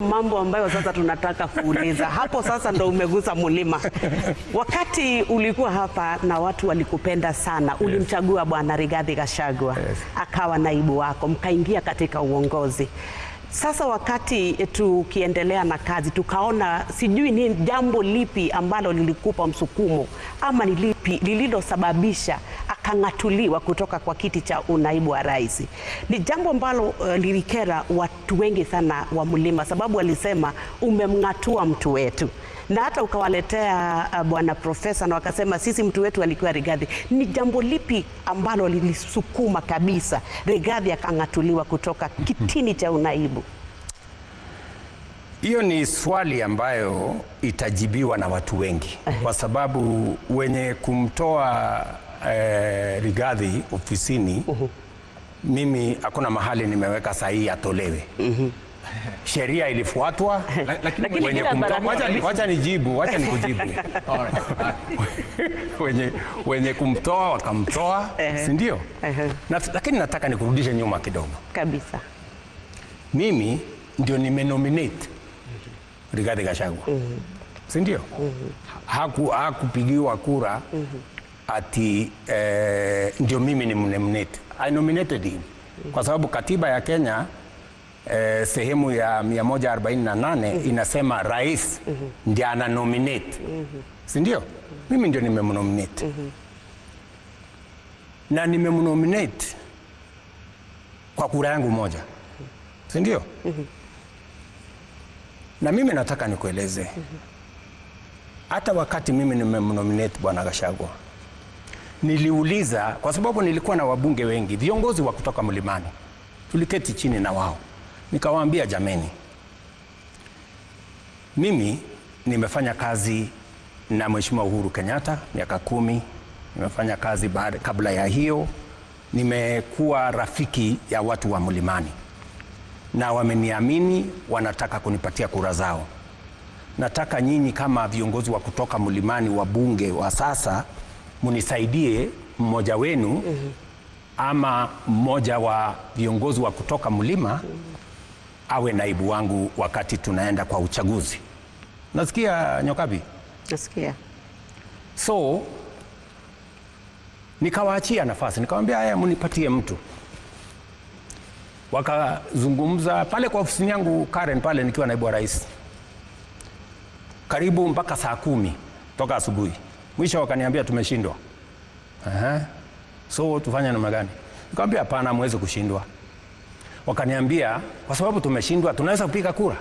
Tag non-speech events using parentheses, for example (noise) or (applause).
Mambo ambayo sasa tunataka kuuliza hapo sasa ndo umegusa mulima. Wakati ulikuwa hapa na watu walikupenda sana, ulimchagua Bwana Rigathi Gachagua akawa naibu wako, mkaingia katika uongozi. Sasa wakati tukiendelea na kazi, tukaona sijui ni jambo lipi ambalo lilikupa msukumo ama ni lipi lililosababisha akang'atuliwa kutoka kwa kiti cha unaibu wa rais. Ni jambo ambalo uh, lilikera watu wengi sana wa Mlima, sababu walisema umemng'atua mtu wetu na hata ukawaletea uh, bwana profesa na wakasema sisi mtu wetu alikuwa Rigathi. Ni jambo lipi ambalo lilisukuma kabisa Rigathi akang'atuliwa kutoka kitini cha unaibu? Hiyo ni swali ambayo itajibiwa na watu wengi, eh. kwa sababu wenye kumtoa eh, Rigathi ofisini mhm. Mimi hakuna mahali nimeweka sahihi atolewe mhm. (laughs) Sheria ilifuatwa, (laughs) lakini wenye wacha nijibu, wacha nikujibu (laughs) wenye, kumtoa wakamtoa, si ndio? Na, lakini nataka nikurudishe nyuma kidogo kabisa. Mimi ndio nimenominate Rigathi Gachagua, mhm. si ndio? Hakupigiwa kura ati eh, ndio mimi ni mnemnete. I nominated him kwa sababu katiba ya Kenya eh, sehemu ya 148 mhm. inasema rais mhm. ndiye ana nominate, mhm. si ndio? Mimi ndio nimemnominate na nimemnominate kwa kura yangu moja, si ndio? Na mimi nataka nikueleze hata wakati mimi nimemnominate Bwana Gashagwa niliuliza kwa sababu nilikuwa na wabunge wengi, viongozi wa kutoka mlimani. Tuliketi chini na wao, nikawaambia jameni, mimi nimefanya kazi na Mheshimiwa Uhuru Kenyatta miaka kumi, nimefanya kazi baada, kabla ya hiyo nimekuwa rafiki ya watu wa mlimani na wameniamini, wanataka kunipatia kura zao. Nataka nyinyi kama viongozi wa kutoka mlimani, wabunge wa sasa munisaidie mmoja wenu mm -hmm. ama mmoja wa viongozi wa kutoka mlima mm -hmm. awe naibu wangu wakati tunaenda kwa uchaguzi. Nasikia Nyokabi? Nasikia. So nikawaachia nafasi, nikamwambia haya, munipatie mtu. Wakazungumza pale kwa ofisini yangu Karen, pale nikiwa naibu wa rais, karibu mpaka saa kumi toka asubuhi. Mwisho wakaniambia tumeshindwa. Aha. So tufanye namna gani? Nikamwambia hapana, mwezi kushindwa. Wakaniambia kwa sababu tumeshindwa tunaweza kupiga kura.